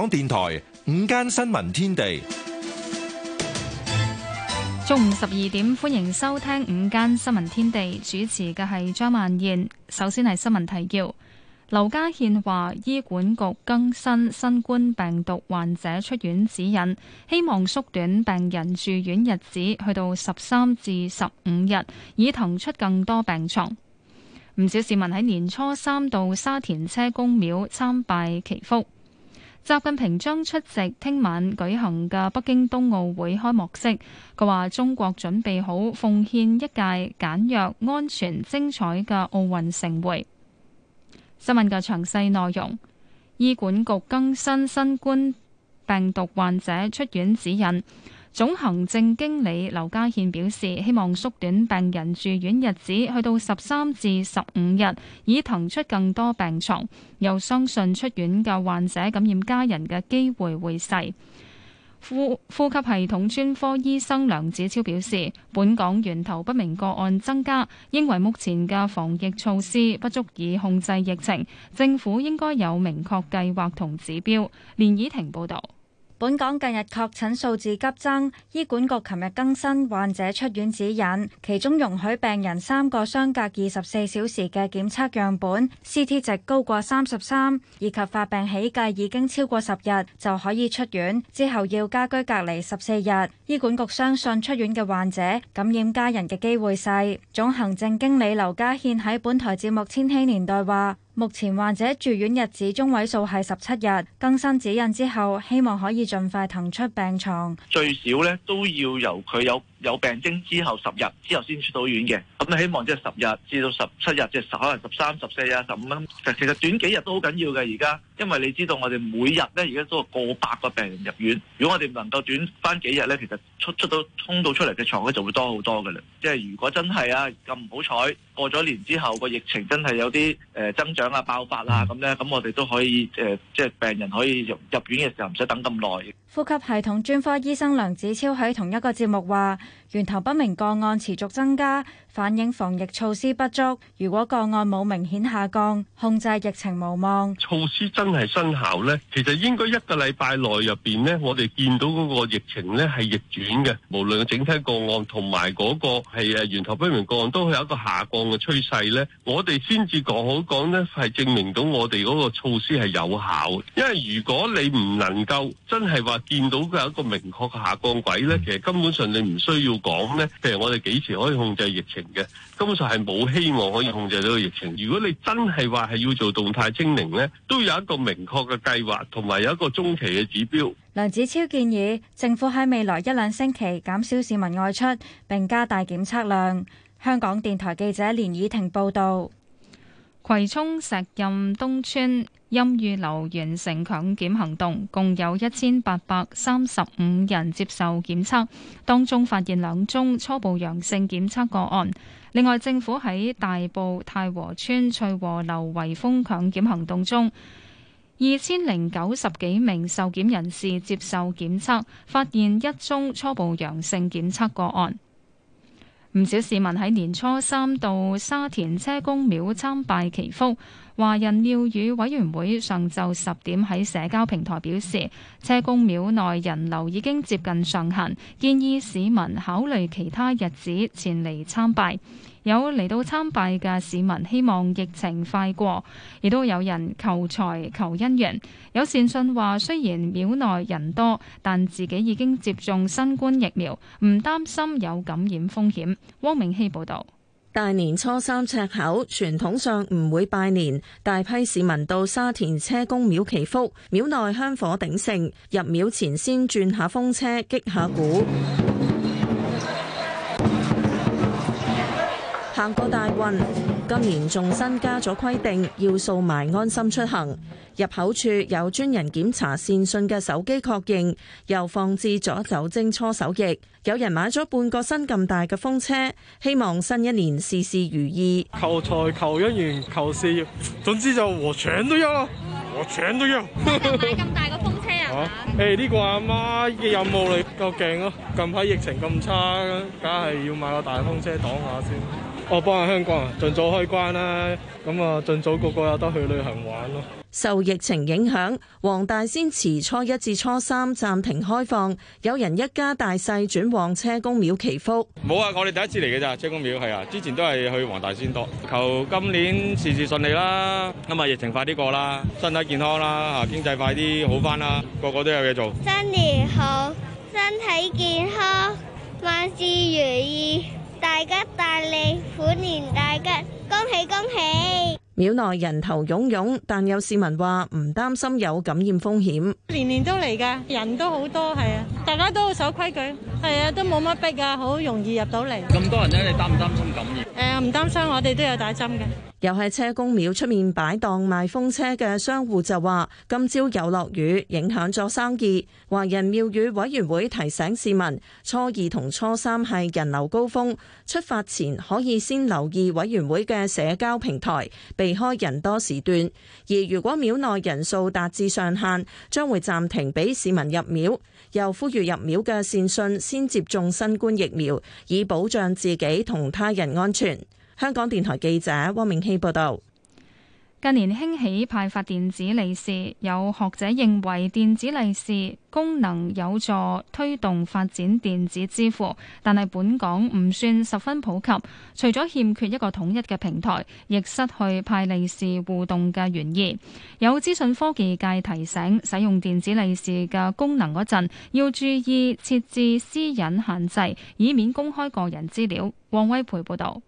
香港電台午間新聞天地，中午十二點，歡迎收聽午間新聞天地。主持嘅係張萬燕。首先係新聞提要：劉家獻話，醫管局更新新冠病毒患者出院指引，希望縮短病人住院日子，去到十三至十五日，以騰出更多病床。唔少市民喺年初三到沙田車公廟參拜祈福。習近平將出席聽晚舉行嘅北京冬奧會開幕式。佢話：中國準備好奉獻一屆簡約、安全、精彩嘅奧運盛會。新聞嘅詳細內容，醫管局更新新冠病毒患者出院指引。總行政經理劉家憲表示，希望縮短病人住院日子，去到十三至十五日，以騰出更多病床。又相信出院嘅患者感染家人嘅機會會細。呼呼吸系統專科醫生梁子超表示，本港源頭不明個案增加，因為目前嘅防疫措施不足以控制疫情，政府應該有明確計劃同指標。連以婷報道。本港近日確診數字急增，醫管局琴日更新患者出院指引，其中容許病人三個相隔二十四小時嘅檢測樣本 CT 值高過三十三，以及發病起計已經超過十日就可以出院，之後要家居隔離十四日。醫管局相信出院嘅患者感染家人嘅機會細。總行政經理劉家獻喺本台節目《千禧年代》話。目前患者住院日子中位數係十七日，更新指引之後，希望可以盡快騰出病床。最少咧都要由佢有。有病徵之後十日之後先出到院嘅，咁、嗯、希望即係十日至到十七日，即係十可能十三、十四日、十五蚊，其實短幾日都好緊要嘅。而家因為你知道我哋每日咧而家都係過百個病人入院，如果我哋能夠短翻幾日咧，其實出出到衝到出嚟嘅牀咧就會多好多嘅啦。即係如果真係啊咁唔好彩過咗年之後個疫情真係有啲誒增長啊爆發啊咁咧，咁我哋都可以誒、呃、即係病人可以入入院嘅時候唔使等咁耐。呼吸系統專科醫生梁子超喺同一個節目話。源頭不明個案持續增加，反映防疫措施不足。如果個案冇明顯下降，控制疫情無望。措施真係生效咧，其實應該一個禮拜內入邊咧，我哋見到嗰個疫情咧係逆轉嘅，無論整體個案同埋嗰個係誒源頭不明個案都有一個下降嘅趨勢咧，我哋先至講好講咧係證明到我哋嗰個措施係有效。因為如果你唔能夠真係話見到佢有一個明確嘅下降軌咧，其實根本上你唔需要。講呢，譬如我哋幾時可以控制疫情嘅？根本上係冇希望可以控制到個疫情。如果你真係話係要做動態清零呢，都有一個明確嘅計劃，同埋有一個中期嘅指標。梁子超建議政府喺未來一兩星期減少市民外出，並加大檢測量。香港電台記者連以婷報道。葵涌石蔭東村陰雨樓完成強檢行動，共有一千八百三十五人接受檢測，當中發現兩宗初步陽性檢測個案。另外，政府喺大埔太和村翠和樓圍封強檢行動中，二千零九十幾名受檢人士接受檢測，發現一宗初步陽性檢測個案。唔少市民喺年初三到沙田車公廟參拜祈福。華人廟宇委員會上晝十點喺社交平台表示，車公廟內人流已經接近上限，建議市民考慮其他日子前嚟參拜。有嚟到參拜嘅市民希望疫情快過，亦都有人求財求姻緣。有善信話，雖然廟內人多，但自己已經接種新冠疫苗，唔擔心有感染風險。汪明希報導。大年初三赤口，傳統上唔會拜年，大批市民到沙田車公廟祈福，廟內香火鼎盛，入廟前先轉下風車，擊下鼓。行個大運，今年仲新加咗規定，要掃埋安心出行，入口處有專人檢查善信嘅手機確認，又放置咗酒精搓手液。有人買咗半個新咁大嘅風車，希望新一年事事如意。求財、求姻緣、求事業，總之就和腸都要咯，和腸都要買咁大個風車啊！誒，呢個阿媽嘅任務嚟夠勁咯。近排疫情咁差，梗係要買個大風車擋下先。我幫下香港啊，盡早開關啦，咁啊盡早個個有得去旅行玩咯。受疫情影響，黃大仙祠初一至初三暫停開放，有人一家大細轉往車公廟祈福。冇啊，我哋第一次嚟嘅咋。車公廟係啊，之前都係去黃大仙多。求今年事事順利啦，咁啊疫情快啲過啦，身體健康啦，啊經濟快啲好翻啦，個個都有嘢做。新年好，身體健康，萬事如意。大吉大利，虎年大吉，恭喜恭喜！廟內人頭湧湧，但有市民話唔擔心有感染風險。年年都嚟噶，人都好多，係啊，大家都好守規矩，係啊，都冇乜逼噶，好容易入到嚟。咁多人咧，你擔唔擔心感染？誒，唔擔心，我哋都有打針嘅。又係車公廟出面擺檔賣風車嘅商戶就話：今朝有落雨，影響咗生意。華人廟宇委員會提醒市民，初二同初三係人流高峰，出發前可以先留意委員會嘅社交平台，避開人多時段。而如果廟內人數達至上限，將會暫停俾市民入廟。又呼籲入廟嘅善信先接種新冠疫苗，以保障自己同他人安全。香港電台記者汪明希報道，近年興起派發電子利是，有學者認為電子利是功能有助推動發展電子支付，但係本港唔算十分普及。除咗欠缺一個統一嘅平台，亦失去派利是互動嘅原意。有資訊科技界提醒，使用電子利是嘅功能嗰陣要注意設置私隱限制，以免公開個人資料。王威培報道。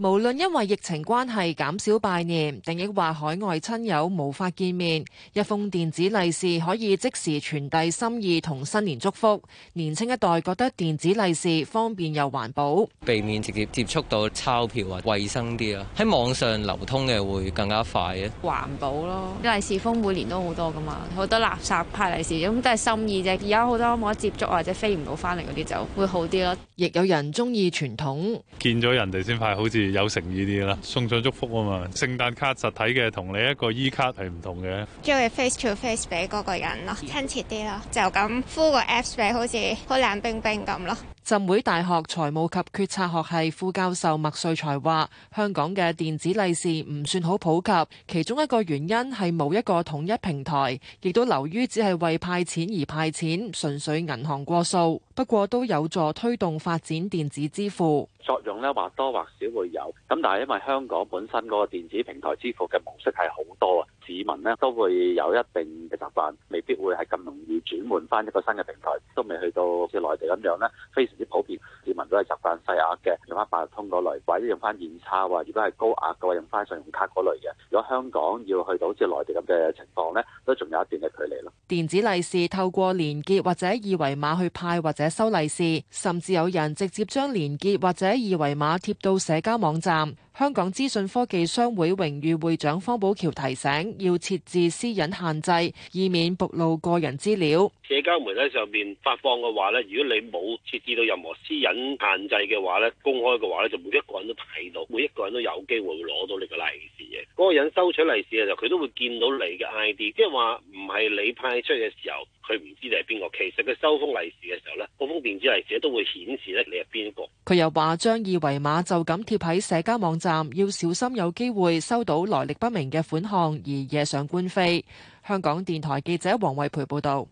無論因為疫情關係減少拜年，定抑或海外親友無法見面，一封電子利是可以即時傳遞心意同新年祝福。年青一代覺得電子利是方便又環保，避免直接接觸到鈔票啊，衛生啲啊。喺網上流通嘅會更加快啊，環保咯，利是封每年都好多噶嘛，好多垃圾。派利是，咁都係心意啫。而家好多冇得接觸或者飛唔到翻嚟嗰啲就會好啲咯。亦有人中意傳統，見咗人哋先派，好似。有誠意啲啦，送上祝福啊嘛！聖誕卡實體嘅同你一個 E 卡係唔同嘅，將佢 face to face 俾嗰個人咯，親切啲咯，就咁敷個 apps 俾，好似好冷冰冰咁咯。浸會大學財務及決策學系副教授麥瑞才話：香港嘅電子利是唔算好普及，其中一個原因係冇一個統一平台，亦都流於只係為派錢而派錢，純粹銀行過數。不過都有助推動發展電子支付作用咧，或多或少會有。咁但係因為香港本身嗰個電子平台支付嘅模式係好多啊，市民咧都會有一定嘅習慣，未必會係咁容易轉換翻一個新嘅平台，都未去到好似內地咁樣咧。非常啲普遍市民都係習慣細額嘅用翻八達通嗰類，或者用翻現鈔；話如果係高額嘅話，用翻信用卡嗰類嘅。如果香港要去到好似內地咁嘅情況咧，都仲有一段嘅距離咯。電子利是透過連結或者二維碼去派或者收利是，甚至有人直接將連結或者二維碼貼到社交網站。香港資訊科技商會榮譽會長方寶橋提醒，要設置私隱限制，以免暴露個人資料。社交媒體上面發放嘅話咧，如果你冇設置到任何私隱限制嘅話咧，公開嘅話咧，就每一個人都睇到，每一個人都有機會會攞到你嘅利是嘅。嗰、那個人收取利是嘅時候，佢都會見到你嘅 ID，即係話唔係你派出去嘅時候。佢唔知你係邊個，其實佢收封利是嘅時候呢個封電子利是都會顯示咧你係邊個。佢又話：將二維碼就咁貼喺社交網站，要小心有機會收到來歷不明嘅款項而惹上官非。香港電台記者黃惠培報道。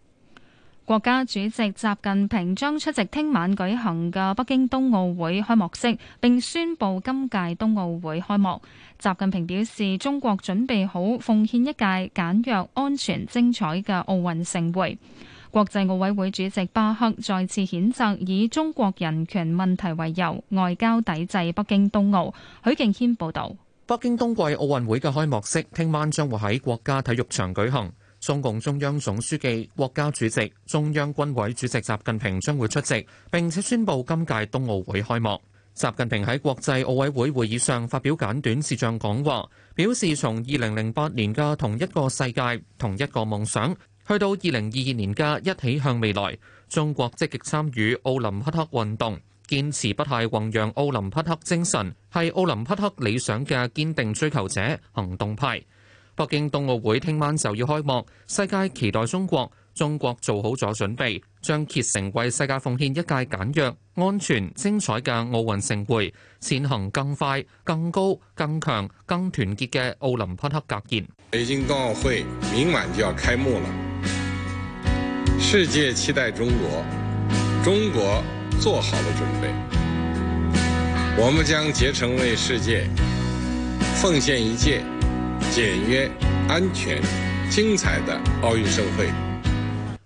國家主席習近平將出席聽晚舉行嘅北京冬奧會開幕式，並宣布今屆冬奧會開幕。習近平表示，中國準備好奉獻一屆簡約、安全、精彩嘅奧運盛會。國際奧委會主席巴赫再次譴責以中國人權問題為由外交抵制北京冬奧。許敬軒報道。北京冬季奧運會嘅開幕式聽晚將會喺國家體育場舉行。中共中央總書記、國家主席、中央軍委主席習近平將會出席，並且宣布今屆冬奧會開幕。習近平喺國際奧委會會議上發表簡短視像講話，表示從二零零八年嘅同一個世界、同一個夢想，去到二零二二年嘅一起向未來，中國積極參與奧林匹克運動，堅持不懈弘揚奧林匹克精神，係奧林匹克理想嘅堅定追求者、行動派。北京冬奧會聽晚就要開幕，世界期待中國，中國做好咗準備，將竭誠為世界奉獻一屆簡約、安全、精彩嘅奧運盛會，踐行更快、更高、更強、更團結嘅奧林匹克格言。北京冬奧會明晚就要開幕了，世界期待中國，中國做好了準備，我們將竭誠為世界奉獻一屆。簡約、安全、精彩的奧運盛會，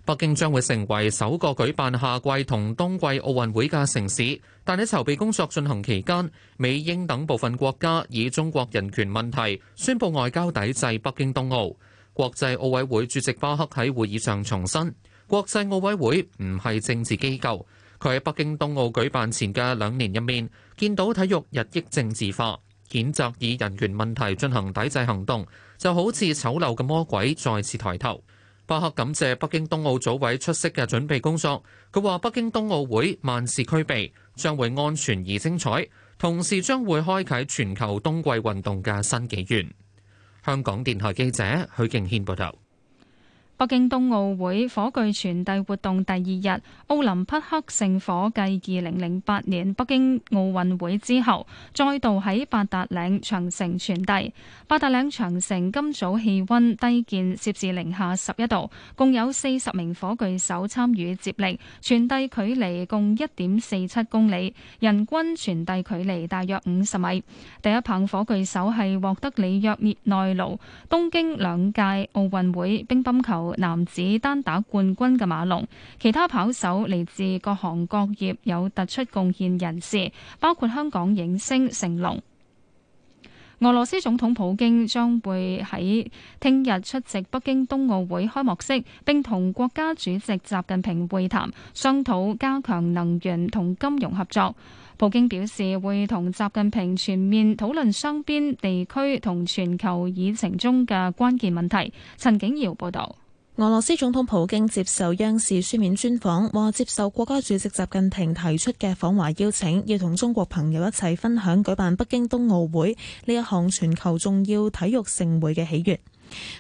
北京將會成為首個舉辦夏季同冬季奧運會嘅城市。但喺籌備工作進行期間，美英等部分國家以中國人權問題宣布外交抵制北京冬奧。國際奧委會主席巴克喺會議上重申，國際奧委會唔係政治機構。佢喺北京冬奧舉辦前嘅兩年入面，見到體育日益政治化。譴責以人權問題進行抵制行動，就好似醜陋嘅魔鬼再次抬頭。巴赫感謝北京冬奧組委出色嘅準備工作，佢話北京冬奧會萬事俱備，將會安全而精彩，同時將會開啟全球冬季運動嘅新紀元。香港電台記者許敬軒報道。北京冬奧會火炬傳遞活動第二日，奧林匹克聖火繼2008年北京奧運會之後，再度喺八達嶺長城傳遞。八達嶺長城今早氣溫低見攝氏零下十一度，共有四十名火炬手參與接力，傳遞距離共一點四七公里，人均傳遞距離大約五十米。第一棒火炬手係獲得里約熱內盧、東京兩屆奧運會乒乓球男子單打冠軍嘅馬龍，其他跑手嚟自各行各業有突出貢獻人士，包括香港影星成龍。俄羅斯總統普京將會喺聽日出席北京冬奧會開幕式，並同國家主席習近平會談，商討加強能源同金融合作。普京表示會同習近平全面討論雙邊地區同全球議程中嘅關鍵問題。陳景堯報道。俄羅斯總統普京接受央視書面專訪，話接受國家主席習近平提出嘅訪華邀請，要同中國朋友一齊分享舉辦北京冬奧會呢一項全球重要體育盛會嘅喜悅。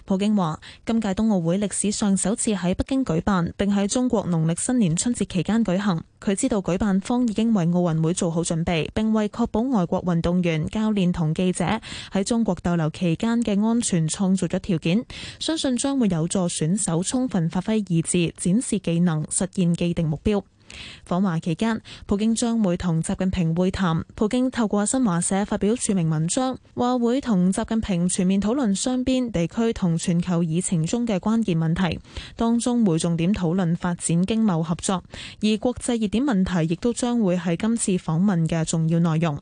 普京話：今屆冬奧會歷史上首次喺北京舉辦，並喺中國農曆新年春節期間舉行。佢知道舉辦方已經為奧運會做好準備，並為確保外國運動員、教練同記者喺中國逗留期間嘅安全創造咗條件。相信將會有助選手充分發揮意志，展示技能，實現既定目標。訪華期間，普京將會同習近平會談。普京透過新華社發表署名文章，話會同習近平全面討論雙邊、地區同全球議程中嘅關鍵問題，當中會重點討論發展經貿合作，而國際熱點問題亦都將會喺今次訪問嘅重要內容。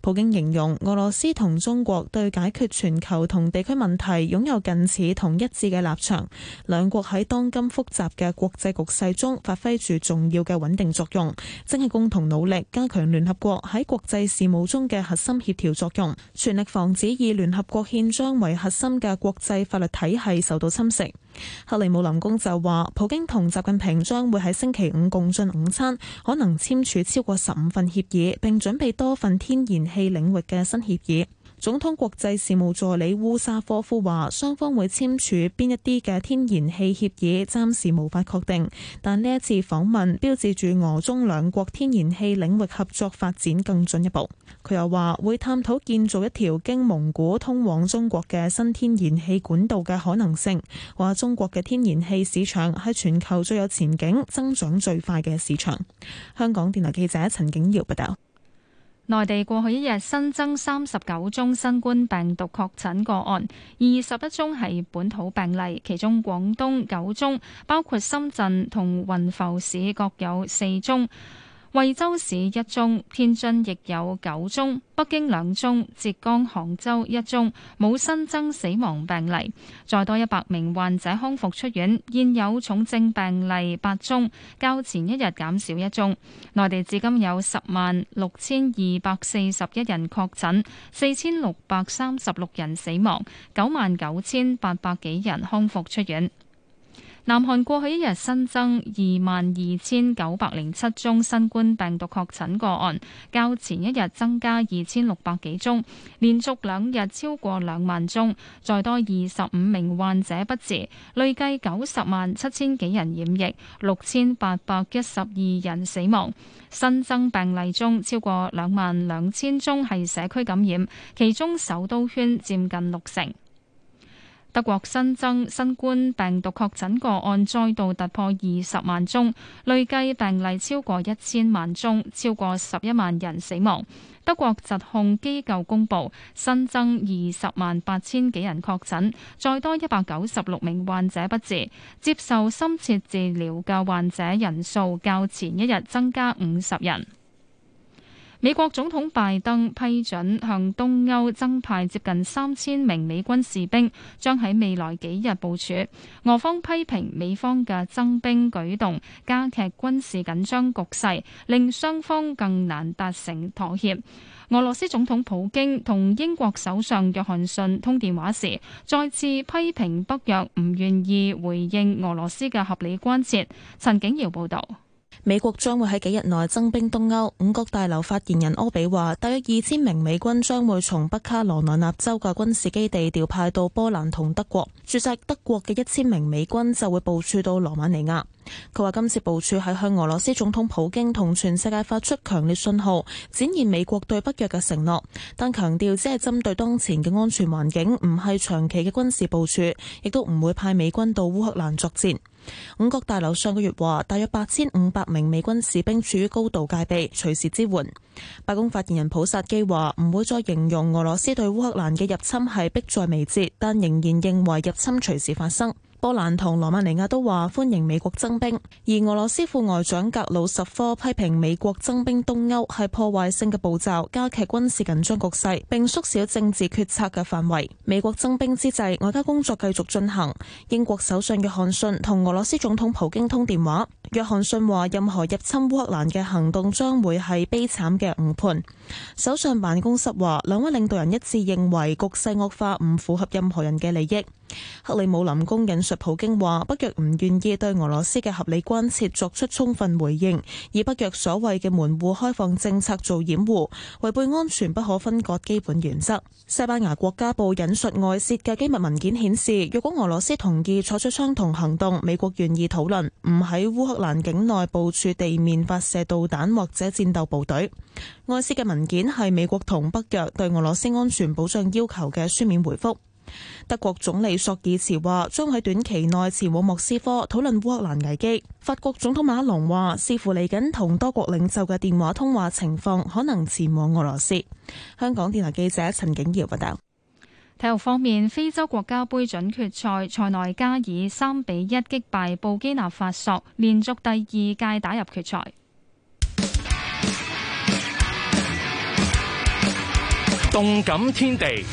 普京形容俄羅斯同中國對解決全球同地區問題擁有近似同一致嘅立場，兩國喺當今複雜嘅國際局勢中發揮住重要嘅穩定作用，正係共同努力加強聯合國喺國際事務中嘅核心協調作用，全力防止以聯合國憲章為核心嘅國際法律體系受到侵蝕。克里姆林宮就話，普京同習近平將會喺星期五共進午餐，可能簽署超過十五份協議，並準備多份天然氣領域嘅新協議。總統國際事務助理烏沙科夫話：雙方會簽署邊一啲嘅天然氣協議，暫時無法確定。但呢一次訪問標誌住俄中兩國天然氣領域合作發展更進一步。佢又話會探討建造一條經蒙古通往中國嘅新天然氣管道嘅可能性。話中國嘅天然氣市場喺全球最有前景、增長最快嘅市場。香港電台記者陳景堯報道。內地過去一日新增三十九宗新冠病毒確診個案，二十一宗係本土病例，其中廣東九宗，包括深圳同雲浮市各有四宗。惠州市一宗，天津亦有九宗，北京兩宗，浙江杭州一宗，冇新增死亡病例。再多一百名患者康復出院，現有重症病例八宗，較前一日減少一宗。內地至今有十萬六千二百四十一人確診，四千六百三十六人死亡，九萬九千八百幾人康復出院。南韓過去一日新增二萬二千九百零七宗新冠病毒確診個案，較前一日增加二千六百幾宗，連續兩日超過兩萬宗，再多二十五名患者不治，累計九十萬七千幾人染疫，六千八百一十二人死亡。新增病例中，超過兩萬兩千宗係社區感染，其中首都圈佔近六成。德國新增新冠病毒確診個案再度突破二十萬宗，累計病例超過一千萬宗，超過十一萬人死亡。德國疾控機構公布新增二十萬八千幾人確診，再多一百九十六名患者不治，接受深切治療嘅患者人數較前一日增加五十人。美國總統拜登批准向東歐增派接近三千名美軍士兵，將喺未來幾日部署。俄方批評美方嘅增兵舉動，加劇軍事緊張局勢，令雙方更難達成妥協。俄羅斯總統普京同英國首相約翰遜通電話時，再次批評北約唔願意回應俄羅斯嘅合理關切。陳景堯報道。美國將會喺幾日內增兵東歐。五角大樓發言人柯比話，大約二千名美軍將會從北卡羅來納州嘅軍事基地調派到波蘭同德國，駐紮德國嘅一千名美軍就會部署到羅馬尼亞。佢話今次部署係向俄羅斯總統普京同全世界發出強烈信號，展現美國對北約嘅承諾，但強調只係針對當前嘅安全環境，唔係長期嘅軍事部署，亦都唔會派美軍到烏克蘭作戰。五角大樓上個月話，大約八千五百名美軍士兵處於高度戒備，隨時支援。白宮發言人普薩基話，唔會再形容俄羅斯對烏克蘭嘅入侵係迫在眉睫，但仍然認為入侵隨時發生。波蘭同羅馬尼亞都話歡迎美國增兵，而俄羅斯副外長格魯什科批評美國增兵東歐係破壞性嘅步驟，加劇軍事緊張局勢，並縮小政治決策嘅範圍。美國增兵之際，外交工作繼續進行。英國首相約翰遜同俄羅斯總統普京通電話，約翰遜話任何入侵烏克蘭嘅行動將會係悲慘嘅誤判。首相辦公室話，兩位領導人一致認為局勢惡化唔符合任何人嘅利益。克里姆林宮引述普京話：北約唔願意對俄羅斯嘅合理關切作出充分回應，以北約所謂嘅門戶開放政策做掩護，違背安全不可分割基本原則。西班牙國家報引述外泄嘅機密文件顯示，若果俄羅斯同意採取相同行動，美國願意討論唔喺烏克蘭境內部署地面發射導彈或者戰鬥部隊。外泄嘅文件係美國同北約對俄羅斯安全保障要求嘅書面回覆。德國總理索爾茨話將喺短期內前往莫斯科討論烏克蘭危機。法國總統馬克龍話視乎嚟緊同多國領袖嘅電話通話情況，可能前往俄羅斯。香港電台記者陳景堯報道。體育方面，非洲國家杯準決賽，塞內加爾三比一擊敗布基納法索，連續第二屆打入決賽。動感天地。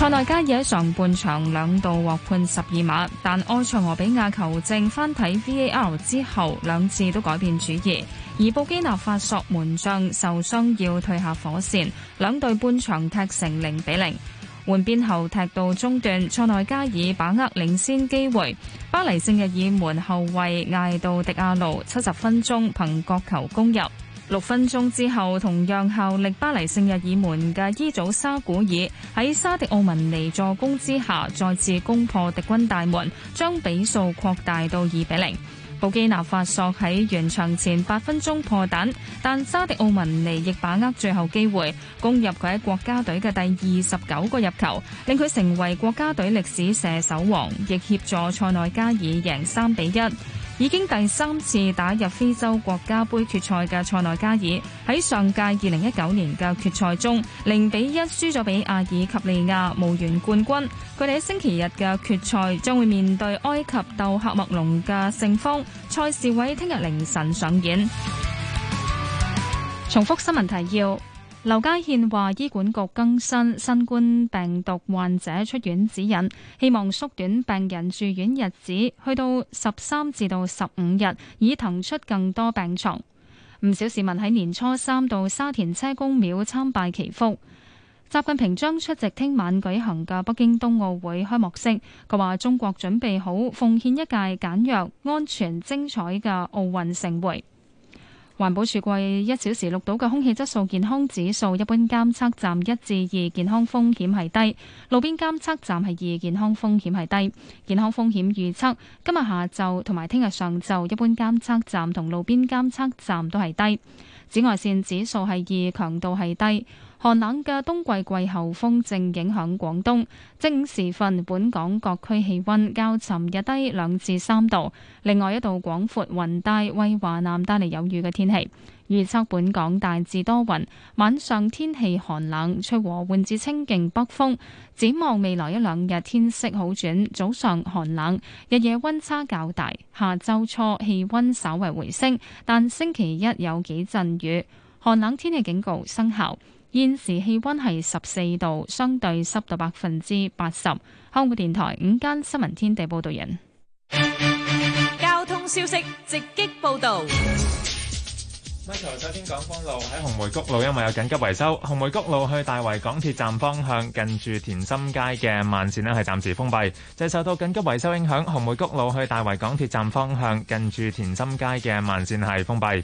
塞內加爾上半場兩度獲判十二碼，但埃塞俄比亞球證翻睇 VAR 之後，兩次都改變主意。而布基納法索門將受傷要退下火線，兩隊半場踢成零比零。換邊後踢到中段，塞內加爾把握領先機會。巴黎聖日耳門後衛艾杜迪亞路，七十分鐘憑角球攻入。六分鐘之後，同樣效力巴黎聖日耳門嘅伊祖沙古爾喺沙迪奧文尼助攻之下，再次攻破敵軍大門，將比數擴大到二比零。布基納法索喺完場前八分鐘破蛋，但沙迪奧文尼亦把握最後機會，攻入佢喺國家隊嘅第二十九個入球，令佢成為國家隊歷史射手王，亦協助塞內加爾贏三比一。已經第三次打入非洲國家杯決賽嘅塞內加爾，喺上屆二零一九年嘅決賽中零比一輸咗俾阿爾及利亞，無緣冠軍。佢哋喺星期日嘅決賽將會面對埃及鬥喀麥隆嘅勝方。賽事會聽日凌晨上演。重複新聞提要。劉家獻話：醫管局更新新冠病毒患者出院指引，希望縮短病人住院日子，去到十三至到十五日，以騰出更多病床。唔少市民喺年初三到沙田車公廟參拜祈福。習近平將出席聽晚舉行嘅北京冬奧會開幕式，佢話中國準備好奉獻一屆簡約、安全、精彩嘅奧運盛會。環保署過去一小時錄到嘅空氣質素健康指數，一般監測站一至二，健康風險係低；路邊監測站係二，健康風險係低。健康風險預測今日下晝同埋聽日上晝，一般監測站同路邊監測站都係低。紫外線指數係二，強度係低。寒冷嘅冬季季候風正影響廣東。正午時分，本港各區氣溫較尋日低兩至三度。另外一道廣闊雲帶為華南帶嚟有雨嘅天氣。預測本港大致多雲，晚上天氣寒冷，吹和緩至清勁北風。展望未來一兩日天色好轉，早上寒冷，日夜溫差較大。下周初氣溫稍為回升，但星期一有幾陣雨，寒冷天氣警告生效。現時氣溫係十四度，相對濕度百分之八十。香港電台午間新聞天地報道人。交通消息直擊報道，道。碼頭先講港豐路喺紅梅谷路因為有緊急維修，紅梅谷路去大圍港鐵站方向近住田心街嘅慢線呢係暫時封閉。就係、是、受到緊急維修影響，紅梅谷路去大圍港鐵站方向近住田心街嘅慢線係封閉。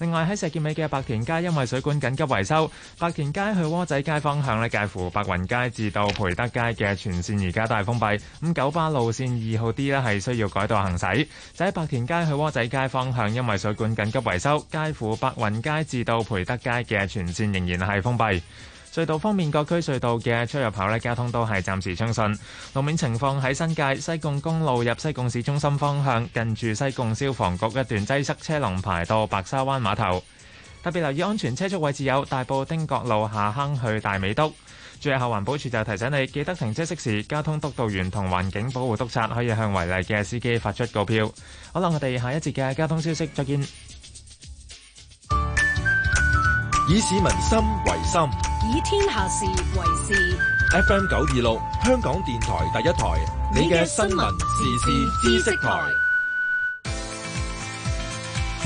另外喺石硖尾嘅白田街，因為水管緊急維修，白田街去窩仔街方向咧，介乎白雲街至到培德街嘅全線而家都係封閉。咁九巴路線二號 D 咧係需要改道行駛。就喺白田街去窩仔街方向，因為水管緊急維修，介乎白雲街至到培德街嘅全線仍然係封閉。隧道方面，各區隧道嘅出入口咧，交通都係暫時暢順。路面情況喺新界西貢公路入西貢市中心方向，近住西貢消防局一段擠塞，塞，車龍排到白沙灣碼頭。特別留意安全車速位置有大埔汀角路下坑去大美督。最後環保署就提醒你記得停車熄匙。交通督導員同環境保護督察可以向違例嘅司機發出告票。好啦，我哋下一節嘅交通消息，再見。以市民心為心。以天下事為事。FM 九二六，香港電台第一台，你嘅新聞時事知識台。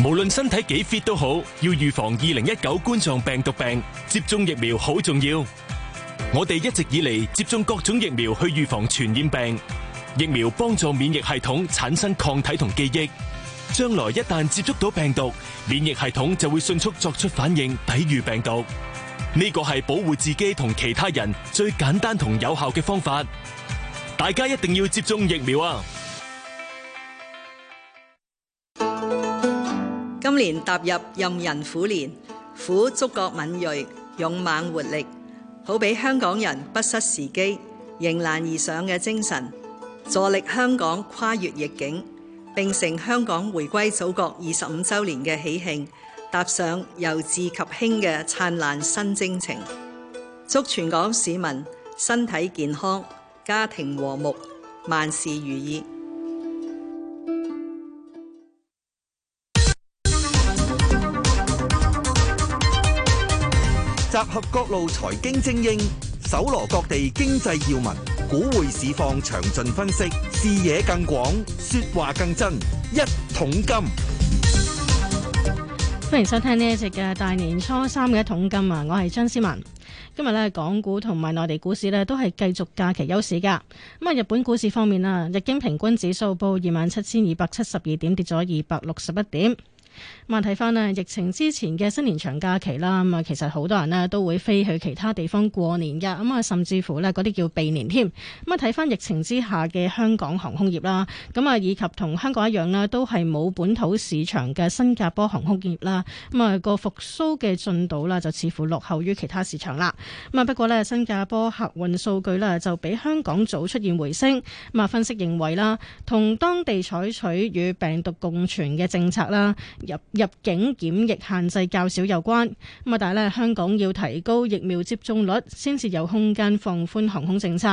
無論身體幾 fit 都好，要預防二零一九冠狀病毒病，接種疫苗好重要。我哋一直以嚟接種各種疫苗去預防傳染病，疫苗幫助免疫系統產生抗體同記憶，將來一旦接觸到病毒，免疫系統就會迅速作出反應，抵御病毒。呢個係保護自己同其他人最簡單同有效嘅方法，大家一定要接種疫苗啊！今年踏入壬寅虎年，虎觸覺敏銳、勇猛活力，好比香港人不失時機、迎難而上嘅精神，助力香港跨越逆境，並成香港回歸祖國二十五周年嘅喜慶。踏上由治及興嘅燦爛新征程，祝全港市民身體健康、家庭和睦、萬事如意。集合各路財經精英，搜羅各地經濟要聞，股匯市況詳盡分析，視野更廣，說話更真，一桶金。歡迎收聽呢一節嘅大年初三嘅一桶金啊，我係張思文。今日呢，港股同埋內地股市呢都係繼續假期休市噶。咁啊，日本股市方面啊，日經平均指數報二萬七千二百七十二點，跌咗二百六十一點。咁啊，睇翻咧疫情之前嘅新年長假期啦，咁啊，其實好多人咧都會飛去其他地方過年噶，咁啊，甚至乎咧嗰啲叫避年添。咁啊，睇翻疫情之下嘅香港航空業啦，咁啊，以及同香港一樣咧，都係冇本土市場嘅新加坡航空業啦，咁啊，個復蘇嘅進度啦，就似乎落後於其他市場啦。咁啊，不過咧，新加坡客運數據咧就比香港早出現回升。咁啊，分析認為啦，同當地採取與病毒共存嘅政策啦。入入境檢疫限制較少有關咁啊，但係咧香港要提高疫苗接種率，先至有空間放寬航空政策。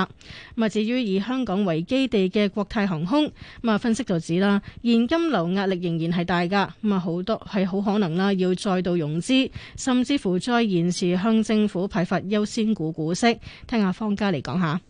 咁啊，至於以香港為基地嘅國泰航空，咁啊，分析就指啦，現金流壓力仍然係大㗎，咁啊，好多係好可能啦，要再度融資，甚至乎再延遲向政府派發優先股股息。聽下方家嚟，講下。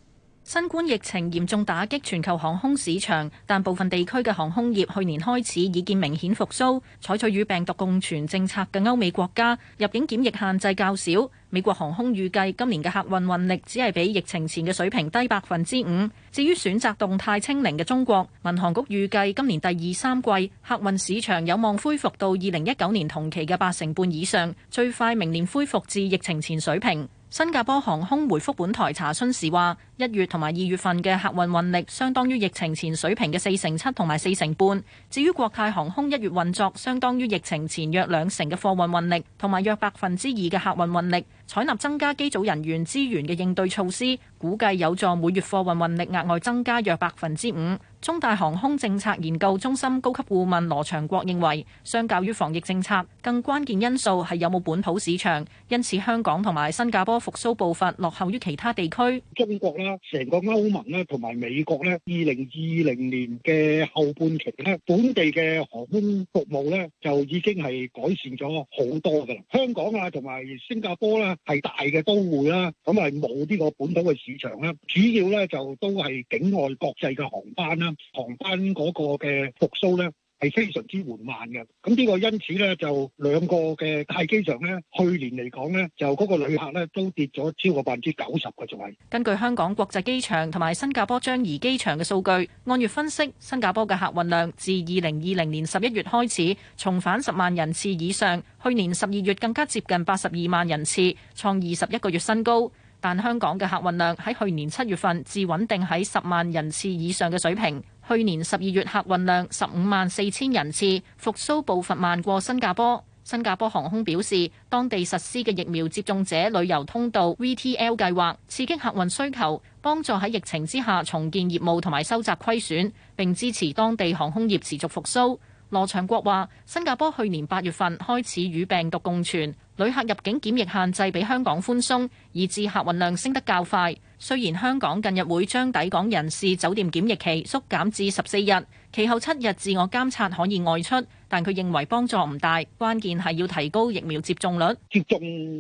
新冠疫情嚴重打擊全球航空市場，但部分地區嘅航空業去年開始已見明顯復甦。採取與病毒共存政策嘅歐美國家，入境檢疫限制較少。美國航空預計今年嘅客運運力只係比疫情前嘅水平低百分之五。至於選擇動態清零嘅中國，民航局預計今年第二、三季客運市場有望恢復到二零一九年同期嘅八成半以上，最快明年恢復至疫情前水平。新加坡航空回覆本台查詢時話：一月同埋二月份嘅客運運力相當於疫情前水平嘅四成七同埋四成半。至於國泰航空一月運作相當於疫情前約兩成嘅貨運運力，同埋約百分之二嘅客運運力。採納增加機組人員資源嘅應對措施，估計有助每月貨運運力額外增加約百分之五。中大航空政策研究中心高級顧問羅長國認為，相較於防疫政策，更關鍵因素係有冇本土市場。因此，香港同埋新加坡復甦步伐落後於其他地區。中國啦，成個歐盟呢，同埋美國呢，二零二零年嘅後半期呢，本地嘅航空服務呢，就已經係改善咗好多㗎啦。香港啊，同埋新加坡啦。係大嘅都會啦，咁啊冇呢個本土嘅市場啦，主要咧就都係境外國際嘅航班啦，航班嗰個嘅復甦咧。係非常之緩慢嘅，咁呢個因此呢，就兩個嘅大機場呢，去年嚟講呢，就嗰個旅客呢都跌咗超過百分之九十嘅。仲係根據香港國際機場同埋新加坡樟宜機場嘅數據，按月分析，新加坡嘅客運量自二零二零年十一月開始重返十萬人次以上，去年十二月更加接近八十二萬人次，創二十一個月新高。但香港嘅客運量喺去年七月份至穩定喺十萬人次以上嘅水平。去年十二月客運量十五萬四千人次，復甦步伐慢過新加坡。新加坡航空表示，當地實施嘅疫苗接種者旅遊通道 （VTL） 計劃，刺激客運需求，幫助喺疫情之下重建業務同埋收窄虧損，並支持當地航空業持續復甦。羅祥國話：新加坡去年八月份開始與病毒共存。旅客入境檢疫限制比香港寬鬆，以致客運量升得較快。雖然香港近日會將抵港人士酒店檢疫期縮減至十四日。其後七日自我監察可以外出，但佢認為幫助唔大，關鍵係要提高疫苗接種率。接種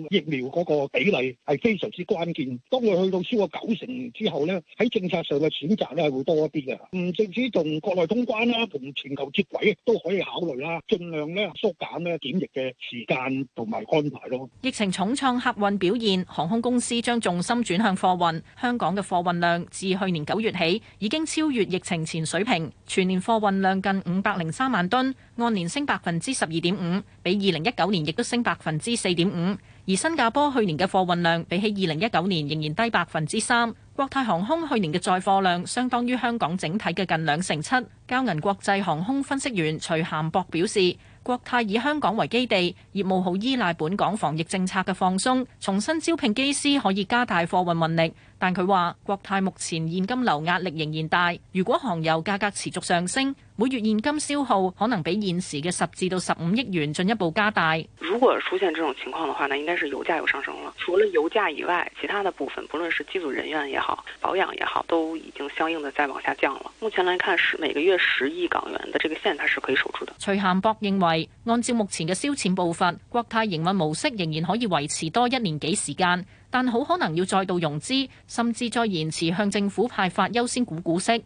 疫苗嗰個比例係非常之關鍵。當我去到超過九成之後呢喺政策上嘅選擇呢係會多一啲嘅。唔淨止同國內通關啦，同全球接軌都可以考慮啦。盡量呢縮減呢檢疫嘅時間同埋安排咯。疫情重創客運表現，航空公司將重心轉向貨運。香港嘅貨運量自去年九月起已經超越疫情前水平，全年，貨運量近五百零三萬噸，按年升百分之十二點五，比二零一九年亦都升百分之四點五。而新加坡去年嘅貨運量比起二零一九年仍然低百分之三。國泰航空去年嘅載貨量相當於香港整體嘅近兩成七。交銀國際航空分析員徐咸博表示，國泰以香港為基地，業務好依賴本港防疫政策嘅放鬆，重新招聘機師可以加大貨運運力。但佢話：國泰目前現金流壓力仍然大，如果航油價格持續上升，每月現金消耗可能比現時嘅十至到十五億元進一步加大。如果出現這種情況的話，呢應該是油價有上升了。除了油價以外，其他的部分，無論是機組人員也好，保養也好，都已經相應的再往下降了。目前來看，是每個月十億港元的這個線，它是可以守住的。徐漢博認為，按照目前嘅燒錢步伐，國泰營運模式仍然可以維持多一年幾時間，但好可能要再度融資，甚至再延遲向政府派發優先股股息。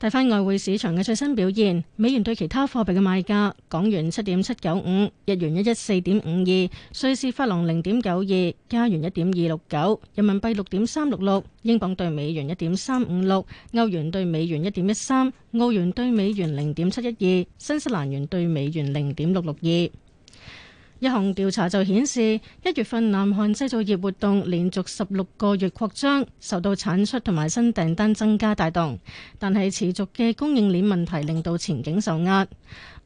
睇翻外匯市場嘅最新表現，美元對其他貨幣嘅賣價：港元七點七九五，日元一一四點五二，瑞士法郎零點九二，加元一點二六九，人民幣六點三六六，英鎊對美元一點三五六，歐元對美元一點一三，澳元對美元零點七一二，新西蘭元對美元零點六六二。一項調查就顯示，一月份南韓製造業活動連續十六個月擴張，受到產出同埋新訂單增加帶動，但係持續嘅供應鏈問題令到前景受壓。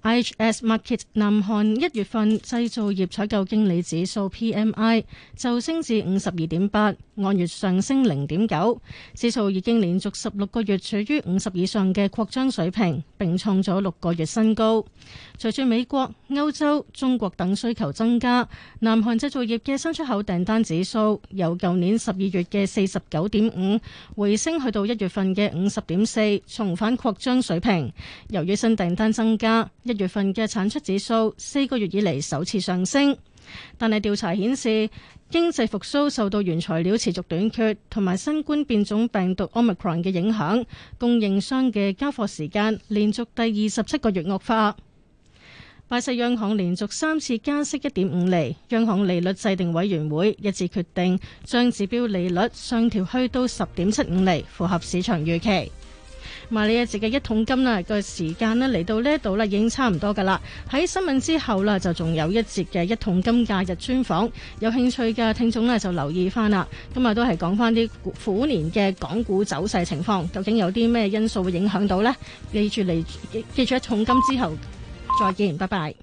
IHS Markit 南韓一月份製造業採購經理指數 PMI 就升至五十二點八。按月上升零點九，指數已經連續十六個月處於五十以上嘅擴張水平，並創咗六個月新高。隨住美國、歐洲、中國等需求增加，南韓製造業嘅新出口訂單指數由舊年十二月嘅四十九點五回升去到一月份嘅五十點四，重返擴張水平。由於新訂單增加，一月份嘅產出指數四個月以嚟首次上升，但係調查顯示。經濟復蘇受到原材料持續短缺同埋新冠變種病毒 Omicron 嘅影響，供應商嘅交貨時間連續第二十七個月惡化。巴西央行連續三次加息一點五厘，央行利率制定委員會一致決定將指標利率上調去到十點七五厘，符合市場預期。埋你一節嘅一桶金啦，個時間呢，嚟到呢一度呢，已經差唔多噶啦。喺新聞之後呢，就仲有一節嘅一桶金假日專訪，有興趣嘅聽眾呢，就留意翻啦。今日都係講翻啲虎年嘅港股走勢情況，究竟有啲咩因素會影響到呢？記住嚟，記住一桶金之後，再見，拜拜。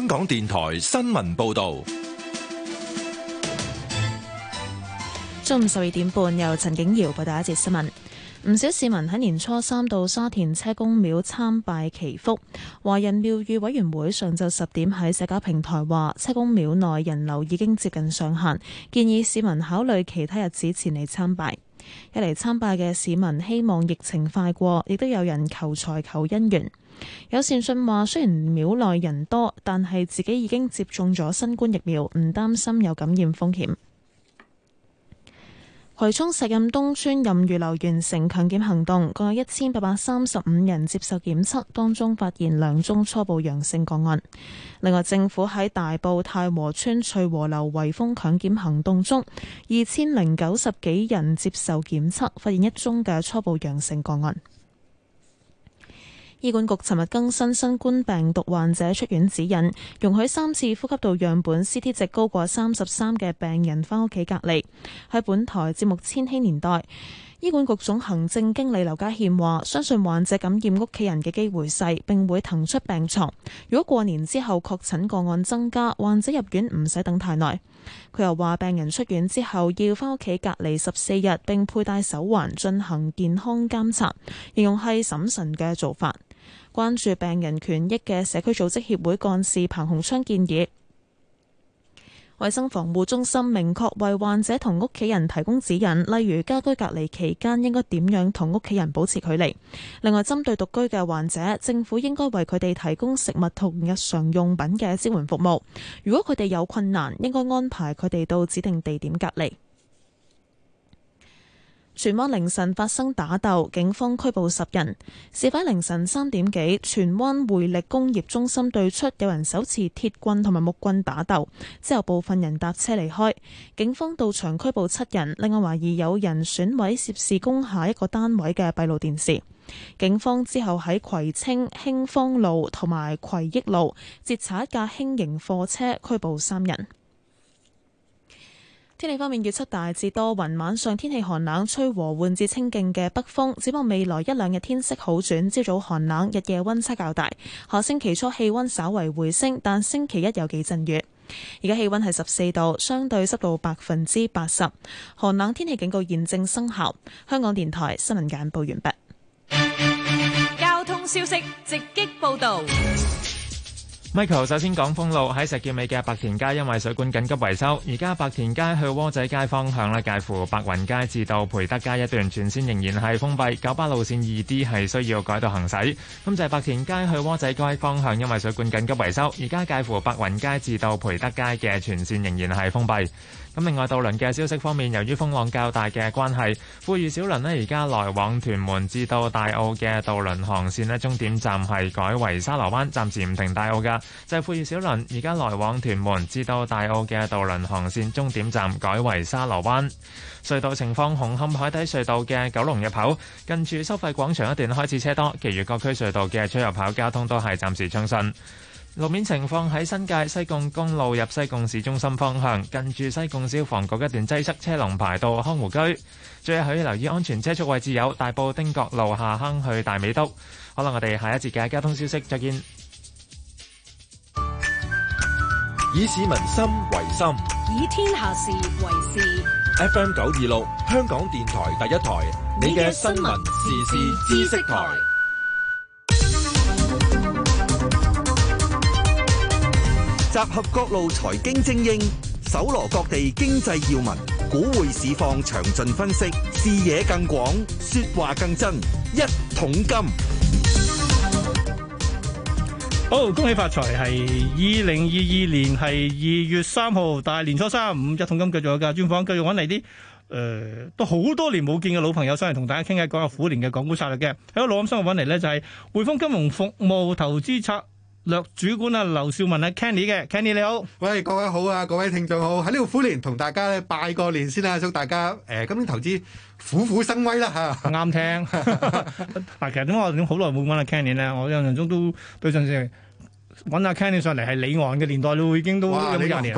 香港電台新聞報道，中午十二點半，由陳景堯報道一節新聞。唔少市民喺年初三到沙田車公廟參拜祈福。華人廟宇委員會上晝十點喺社交平台話，車公廟內人流已經接近上限，建議市民考慮其他日子前嚟參拜。一嚟參拜嘅市民希望疫情快過，亦都有人求財求姻緣。有善信話，雖然廟內人多，但係自己已經接種咗新冠疫苗，唔擔心有感染風險。葵涌石蔭東村仁裕樓完成強檢行動，共有一千八百三十五人接受檢測，當中發現兩宗初步陽性個案。另外，政府喺大埔太和村翠和樓圍封強檢行動中，二千零九十幾人接受檢測，發現一宗嘅初步陽性個案。醫管局尋日更新新冠病毒患者出院指引，容許三次呼吸道樣本 CT 值高過三十三嘅病人翻屋企隔離。喺本台節目《千禧年代》，醫管局總行政經理劉家憲話：相信患者感染屋企人嘅機會細，並會騰出病床。如果過年之後確診個案增加，患者入院唔使等太耐。佢又話，病人出院之後要翻屋企隔離十四日，並佩戴手環進行健康監察，形容係審慎嘅做法。關注病人權益嘅社區組織協會幹事彭洪昌建議，衛生防護中心明確為患者同屋企人提供指引，例如家居隔離期間應該點樣同屋企人保持距離。另外，針對獨居嘅患者，政府應該為佢哋提供食物同日常用品嘅支援服務。如果佢哋有困難，應該安排佢哋到指定地點隔離。荃灣凌晨發生打鬥，警方拘捕十人。事發凌晨三點幾，荃灣匯力工業中心對出有人手持鐵棍同埋木棍打鬥，之後部分人搭車離開。警方到場拘捕七人，另外懷疑有人損毀涉事工廈一個單位嘅閉路電視。警方之後喺葵青興芳路同埋葵益路截查一架輕型貨車，拘捕三人。天氣方面，預測大致多雲，雲晚上天氣寒冷，吹和緩至清勁嘅北風。展望未來一兩日天色好轉，朝早寒冷，日夜溫差較大。下星期初氣溫稍為回升，但星期一有幾陣雨。而家氣溫係十四度，相對濕度百分之八十，寒冷天氣警告現正生效。香港電台新聞簡報完畢。交通消息直擊報道。Michael，首先講封路，喺石硖尾嘅白田街，因為水管緊急維修，而家白田街去窩仔街方向咧，介乎白雲街至到培德街一段，全線仍然係封閉。九巴路線二 D 係需要改道行駛。咁就係白田街去窩仔街方向，因為水管緊急維修，而家介乎白雲街至到培德街嘅全線仍然係封閉。咁另外渡輪嘅消息方面，由於風浪較大嘅關係，富裕小輪呢而家來往屯門至到大澳嘅渡輪航線呢終點站係改為沙螺灣，暫時唔停大澳噶。就係富裕小輪而家來往屯門至到大澳嘅渡輪航線終點站改為沙螺灣。隧道情況，紅磡海底隧道嘅九龍入口近住收費廣場一段開始車多，其餘各區隧道嘅出入口交通都係暫時暢順。路面情況喺新界西貢公路入西貢市中心方向，近住西貢消防局一段擠塞，車龍排到康湖居。最後要留意安全車速位置有大埔汀角路下坑去大美督。好啦，我哋下一節嘅交通消息再見。以市民心為心，以天下事為事。F M 九二六，香港電台第一台，你嘅新聞時事知識台。集合各路財經精英，搜羅各地經濟要聞，股匯市況詳盡分析，視野更廣，說話更真。一桶金，好，恭喜發財！係二零二二年係二月三號，但係年初三五，一桶金繼續有噶專訪，繼續揾嚟啲，誒、呃，都好多年冇見嘅老朋友，想嚟同大家傾一講下虎年嘅港股策略嘅，喺個腦筋箱揾嚟咧就係匯豐金融服務投資策律主管啊，劉少文啊，Kenny 嘅，Kenny 你好，喂，各位好啊，各位聽眾好，喺呢度，虎年同大家拜個年先啦、啊，祝大家誒、呃、今年投資虎虎生威啦嚇，啱聽。嗱，其實點解、啊，我好耐冇揾阿 Kenny 啦，我印象中都對上次揾阿 Kenny 上嚟係李岸嘅年代咯，已經都有幾年。